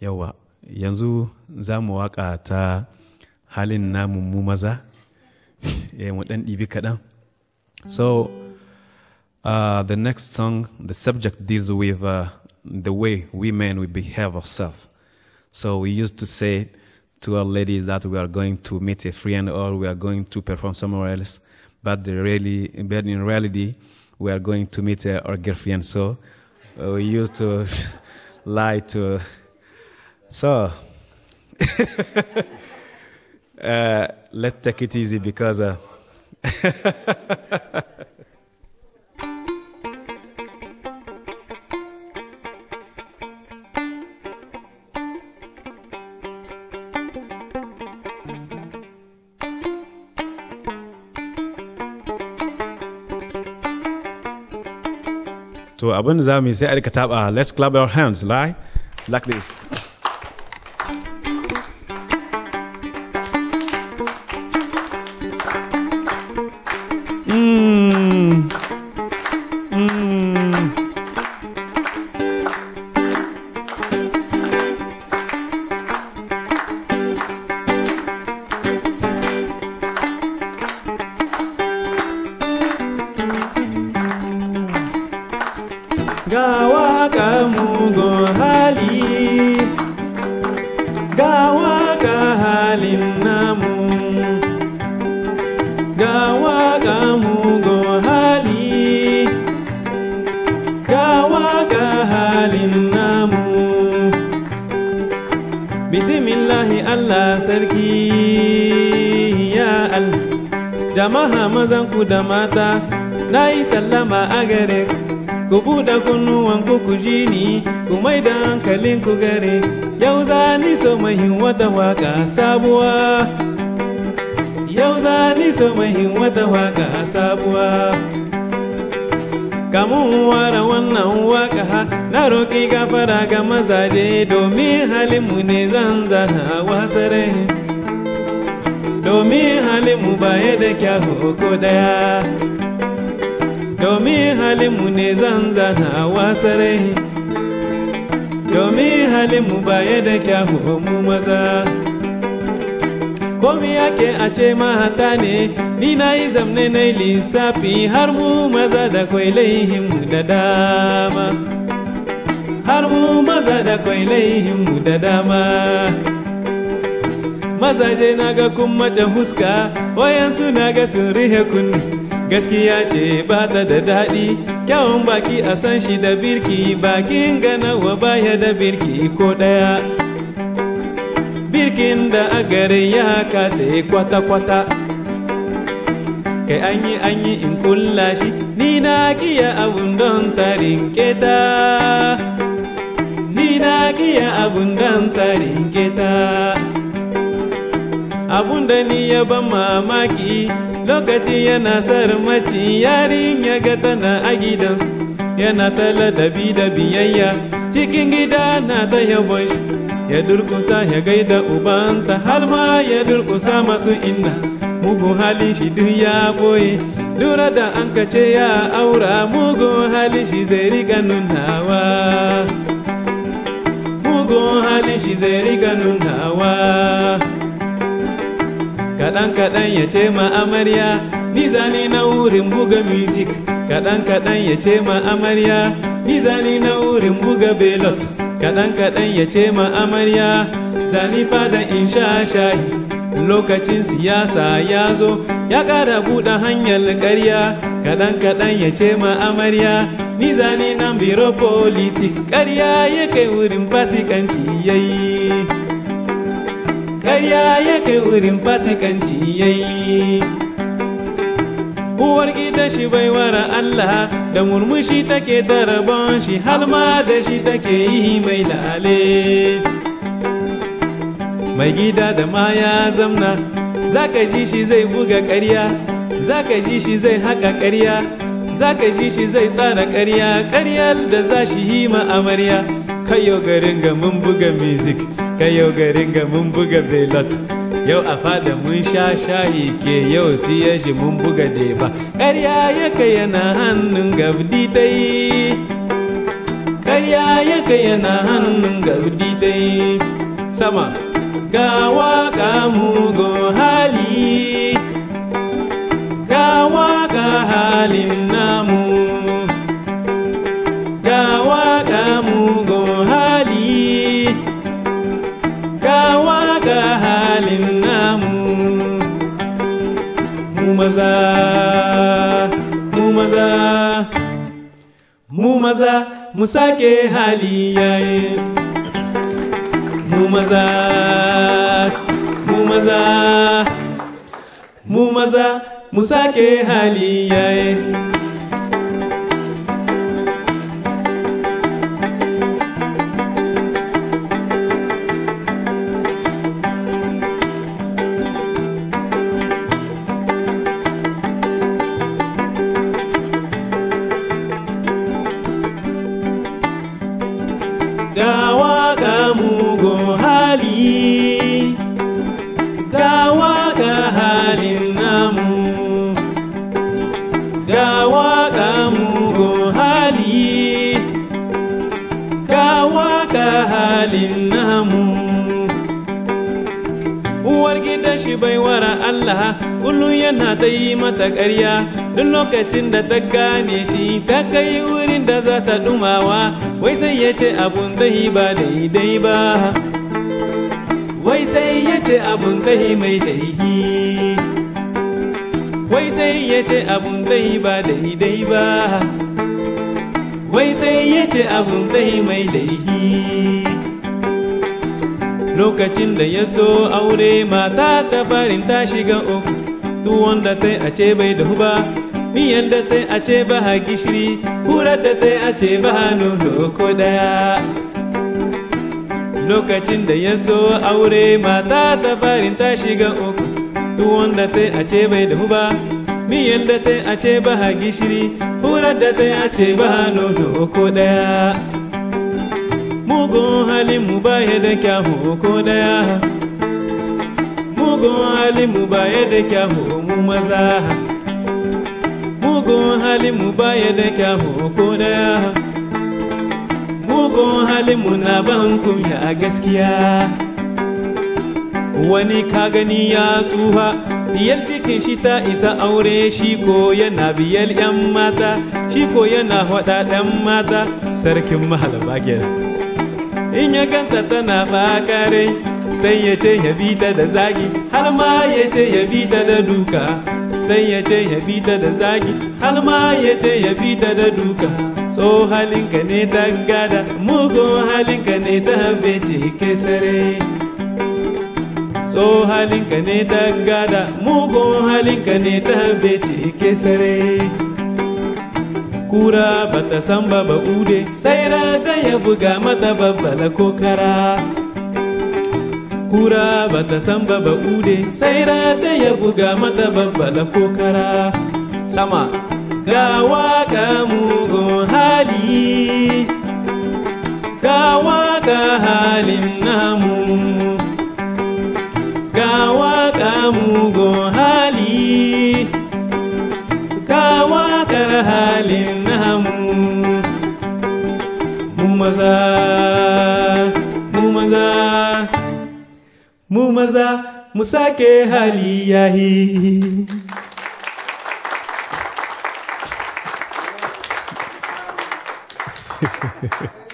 yawa yanzu za mu waƙa ta halin namun mu maza eh, mu ɗan ɗibi kaɗan so uh, the next song the subject deals with uh, the way we men we behave ourselves so we used to say to our ladies that we are going to meet a friend or we are going to perform somewhere else but the really but in reality we are going to meet uh, our girlfriend so uh, we used to lie to so, uh, let's take it easy because. Uh, to abin za say let's clap our hands right like this ga waka mugun hali ga waka halin namu ga waka mugun hali ga namu allah sarki ya allah jama'a mazan ku na yi sallama a gare ku Ku buɗe kunnuwanku ku ji ni ku mai da hankalin ku gare yau za ni so mahin wata waka sabuwa yau za ni so mahin wata waka sabuwa kamun wara wannan waka ha na roƙi gafara ga mazaje domin halinmu ne zan zana wasare domin halinmu baya da kyawu ko daya domin halinmu ne zan zana wasarai domin halinmu baya da kyahu mu maza komi yake a ce mahata ne ni na yi zamne na lissafi har mu maza da kwai laihinmu da dama har mu maza da kwai laihinmu da dama mazaje na ga kun mace huska wayansu na ga sun rihe kunni gaskiya ce ba ta da daɗi kyawun baki a san shi da birki bakin ganawa baya da birki ko ɗaya birkin da a gare ya haka ce kwata-kwata kai an yi an yi in kulla shi ni na giya abun don tarin keta ni na giya abun don tarin keta abun da ni ya ban mamaki lokaci yana sarmaci yarin ya ga tana a gidansu yana ta ladabi da biyayya cikin gida na ta yabon ya durkusa ya gaida ubanta har ma ya durkusa masu inna mugun halin shi duk ya boye lura da an kace ya aura mugun halin shi zai riga nunawa mugun halin shi zai riga nunawa kaɗan kaɗan ya ce ma amarya ni zani na wurin buga music kaɗan kaɗan ya ce ma amarya ni zani na wurin buga belot kaɗan kaɗan ya ce ma amarya zani fadan in sha shayi lokacin siyasa ya zo ya ƙara buɗe hanyar ƙarya kaɗan kaɗan ya ce ma amarya ni zani na biro politik ƙarya ya kai wurin fasikanci yayi karya ya kai wurin fasikanci yayi uwar gidan shi bai wara Allah da murmushi take darabon shi halma da shi take yi mai lale mai gida da ma ya zamna zaka ji shi zai buga karya zaka ji shi zai haka karya zaka ji shi zai tsara karya karyar da za shi yi ma amarya kayo garin gamin buga music kai yau garin ga mun buga belot yau a fada mun sha shayi ke yau ya shi mun buga deba ya kai yana hannun gabdi dai ya kai yana hannun gabdi dai sama ga waka Mumaza, mumaza, mumaza mu maza mu sake hali yayi mu maza mu maza mu maza hali yaye. halin namu uwar gidan shi baiwar Allah kullum yana ta yi mata ƙarya duk lokacin da ta gane shi ta kai wurin da za ta dumawa wai sai ya ce abun dahi ba daidai ba wai sai ya ce abun dahi mai daidai wai sai ya ce abun dahi ba daidai ba wai sai ya ce abun dahi mai daidai lokacin da ya so aure mata ta farin ta shiga uku tuwon da ta a ce bai dahu ba miyan da ta a ce ba ha gishiri kura da ta a ce ba ha nono ko daya lokacin da ya so aure mata ta farin ta shiga uku tuwon da ta a ce bai dahu ba miyan da ta a ce ba ha gishiri kura da ta a ce ba ha nono ko daya mugun halinmu baya da kyahu ko daya mugun halinmu baya da kyahu mu maza mugun halinmu baya da kyahu ko daya mugun halinmu na ban ya gaskiya wani ka gani ya tsuha Diyar cikin shi ta isa aure shi ko yana biyar 'yan mata, shi ko yana haɗa 'yan mata, sarkin mahalaba kenan. in ya ganta tana bakare sai ya ce ya bi ta da zagi har ma ya ce ya bi ta da duka sai ya ce ya bi ta da zagi har ma ya ce ya bi ta da duka so halinka ne ta gada mugun halinka ne ta bece kesare so ne ta gada mugun halinka ne ta bece kesare kura bata san ba ude sai da ya buga mata babbala kokara kura bata san ba ude sai da ya buga mata babbala kokara sama gawa ga mugun hali gawa ga halin mumaza mumaza mumaza musake hali